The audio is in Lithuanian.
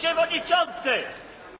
przewodniczący!